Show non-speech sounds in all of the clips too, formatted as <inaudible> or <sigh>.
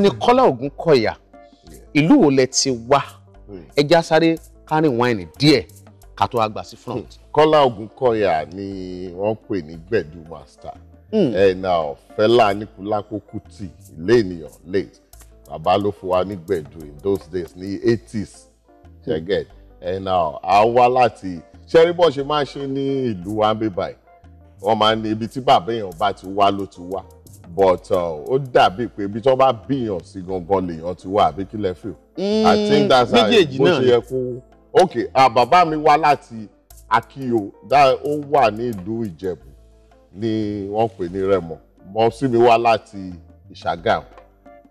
ni Kọ́lá Ògúnkọ̀yà ìlú wo lẹ ti wá ẹja sáré kárìn wáìnì díẹ̀ ká tó àgbà sí front. Hmm. Kọ́lá Ògúnkọ̀yà ni wọ́n pè ní gbẹ̀du master hmm. ẹ̀nà ọ̀fẹ́lá Níkúlápó Kútì ilé ènìyàn late bàbá ló fún wa ní gbẹ̀du in those days ní eighties ṣẹ́gẹ̀d ẹ̀nà àwa láti ṣẹ́rí bọ́ ṣe máa ṣe ní ìlú wa ń bíbáyìí wọ́n máa ní ibi tí bàbá èèyàn bá ti wá ló ti wá but uh, ó dàbí pé ibi tó bá bíyàn sí gangan lèèyàn ti wá àbí kí lẹ feel. I mm, think that's how bó ṣe yẹ kó ok bàbá mi wá láti Akíò ó wà ní ìlú Ìjẹ̀bú ni wọ́n pè ní Rẹ́mọ mọ sí mi wá láti Ìṣàgámù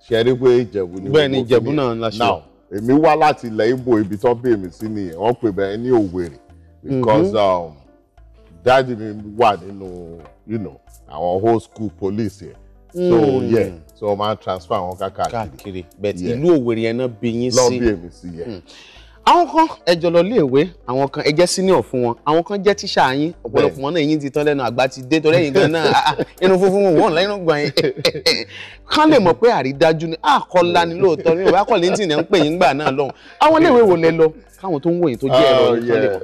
ṣe rí pé Ìjẹ̀bú ni wọ́n pè ní now èmi wá láti ilẹ̀ Ìgbò ibi tó bí èmi sí nìyẹn wọ́n pè bẹ́ẹ̀ ní Òwèrè because mm-hmm. um, dáàdi mi wà nínú you know, àwọn whole school police yẹn so hmm. yeah so wọ́n máa transfer àwọn káàkiri but ìlú Òwèrè yẹn náà bí yín sí lọ́ọ́ bí èmi sí yẹn hmm. àwọn kan ẹjọ lọ léèwé àwọn kan ẹjẹ senior fún wọn àwọn kan jẹ tíṣà yín ọ̀pọ̀lọpọ̀ wọn náà yín ti tán lẹ́nu àgbà ti dé torí ẹ̀yin gan náà ah, ah, inú funfun wọn wọn lẹ́nu gbọn yín kán lè mọ̀ pé àrídájú ni àkọlá ah, ni lóòótọ́ ní ìwé akọlẹńtì ní à ń pè yín gbà náà lọ́hùn àwọn iléèwé wo lẹ lọ káwọn tó ń wò yín tó jẹ ẹ̀rọ tó lè kọ.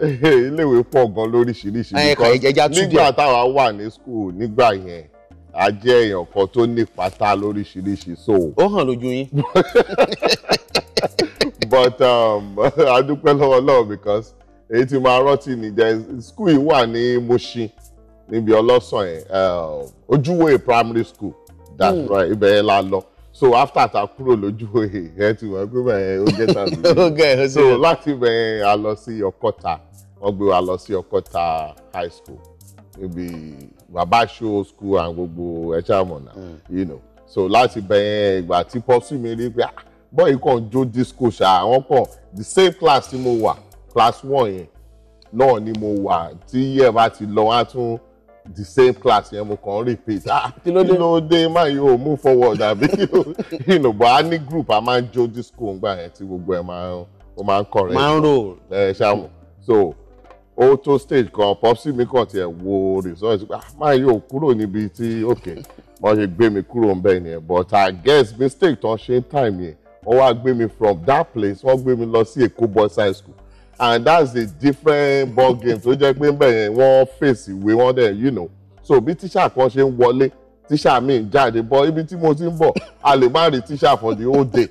iléèwé pọ̀ gan lóríṣiríṣi nígbà táwa wà ní school nígbà yẹn a jẹ́ èèyàn kan tó ní pátá lóríṣiríṣi so. ó hàn lójú yín. <laughs> but um, a dúpẹ́ lọ́wọ́ lọ́wọ́ because èyí tí máa rántí nìjẹ́ school yìí wà ní Mushin níbi ọlọ́sàn yẹn um, ojúwòye primary school that's mm. right ibẹ̀ yẹn la lọ so after ta kúrò lójúwòye ẹ ti wọ́n pé bẹ́ẹ̀ ó jẹ́ tàbí <laughs> so láti bẹ́ẹ̀ a lọ sí Ọkọ́ta wọ́n gbé wa lọ sí Ọkọ́ta high school ibi baba show school and gbogbo ẹ̀ṣẹ̀ àmọ̀nà you know so láti bẹ̀yẹn ìgbà tí pọ́sù mi rí pé ah bọ́ọ̀yì kan jó disco ṣá àwọn kan the same class tí mo wà class one yẹn náà ni mo wà tí yẹ bá ti lọ wá tún the same class yẹn mo kàn repeat ah kí ló dé máa yóò move forward àbí <laughs> you know but a ní group a máa ń jó disco ńgbà yẹn tí gbogbo ẹ̀ máa ń ó máa ń kọrin máa ń rò ẹ ṣáà mọ̀ so ó tó stage kan popsi mi kàn tiẹ̀ wo result pé ah, máa yóò kúrò níbi tí òkè wọ́n ṣe gbé mi kúrò ń bẹ̀ yẹn but I guess mistake tán ṣe ń time yẹn wọ́n wá gbé mi from that place wọ́n gbé mi lọ sí Èkó boys high school and that's a different ball game tó jẹ́ pé ń bẹ̀ yẹn wọ́n fèsì ìwé wọn dẹ̀ you know so bí tíṣà kan ṣe ń wọlé tíṣà mi ń jáde bọ́ ibi tí mo ti ń bọ̀ a lè má rí tíṣà for the whole day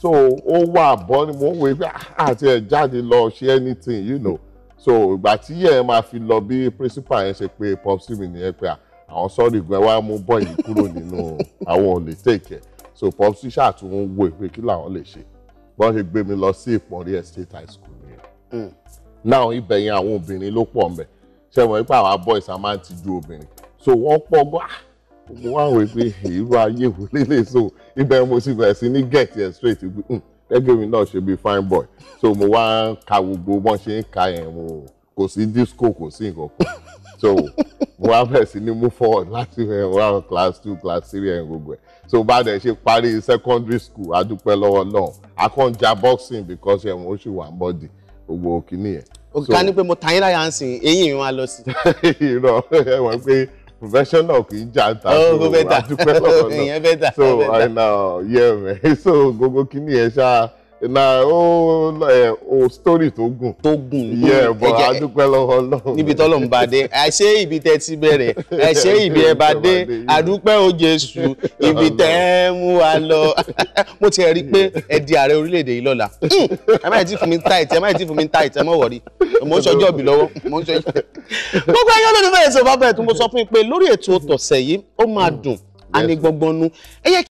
so ó wà bọ́ ni mo ń wé pé àti ah, ẹ̀ jáde lọ ṣe anything you know so ìgbà tí yẹn máa fi lọ bí principal yẹn ṣe pé popsi mi nìyẹn pé ah, àwọn sọ́ọ̀rì gan wá mú bọ́ọ̀lì kúrò nínú <laughs> àwọn ò lè tèkẹ́ so popsi ṣàtúnwò wò pé kí làwọn lè ṣe bọ́n ṣe gbé mi lọ sí ìpọ́nrí estate high school nìyẹn mm. náà ibẹ̀ yẹn àwọn obìnrin ló pọ̀ mbẹ̀ ṣe mọ̀ nípa àwọn boys a máa ń tijú obìnrin so wọ́n pọ̀ gbà ah, mo wá wò pé èrò ayé wò lélẹ̀ so ibẹ̀ mo sì bẹ̀rẹ̀ sí ní get yẹn straight hmm, gẹ́gẹ́ mi náà ṣe bíi fine boy so mo wá ń ka gbogbo bọ́n ṣe ń ka yẹn mo kò sí disco kò sí nǹkan kan so mo wá bẹ̀rẹ̀ sí ní move forward láti ẹ̀ wá class two class three ẹ̀ gbogbo ẹ̀ so bá dẹ̀ ṣe parí secondary school adúpẹ́ lọ́wọ́ náà akọ́njà boxing because ẹ̀ mo ṣì wà ń bọ́dì gbogbo kìíní yẹn. òkè ká ní pé mo tàn yín láyà ń sìn eyín mi máa lọ sí. <laughs> irọ́ ẹ wọ́n pé professional kì í jà ta oh, so adúpẹ́ lọ́wọ́ <laughs> náà so i now yeah man <laughs> so gbogbo kíní yẹn ṣáá na o ẹ o story tó gùn. tó gùn yẹ bọ adúpẹ́ lọ́wọ́ Ọlọ́run. níbi tọ́lọ̀ ń bá dé àṣé ibi tẹ ti bẹ̀rẹ̀ àṣé ibi ẹ bá dé adúpẹ́ o Jésù ibi tẹ ẹ mú wa lọ. <laughs> mo ti rí i pé ẹ ààrẹ orílẹ̀-èdè yìí lọ́la hmm. ẹ má yẹ ti fún mi tight ẹ má yẹ ti fún mi tight ẹ má wọ̀rí mo ń ṣọjọ́ bí lọ́wọ́ mo ń ṣọjọ́. gbogbo ayé olólùfẹ́ ètò bàbá ẹ̀ tún mo sọ fún yín pé lórí ètò tọ̀sẹ̀ yìí ó máa hmm. dùn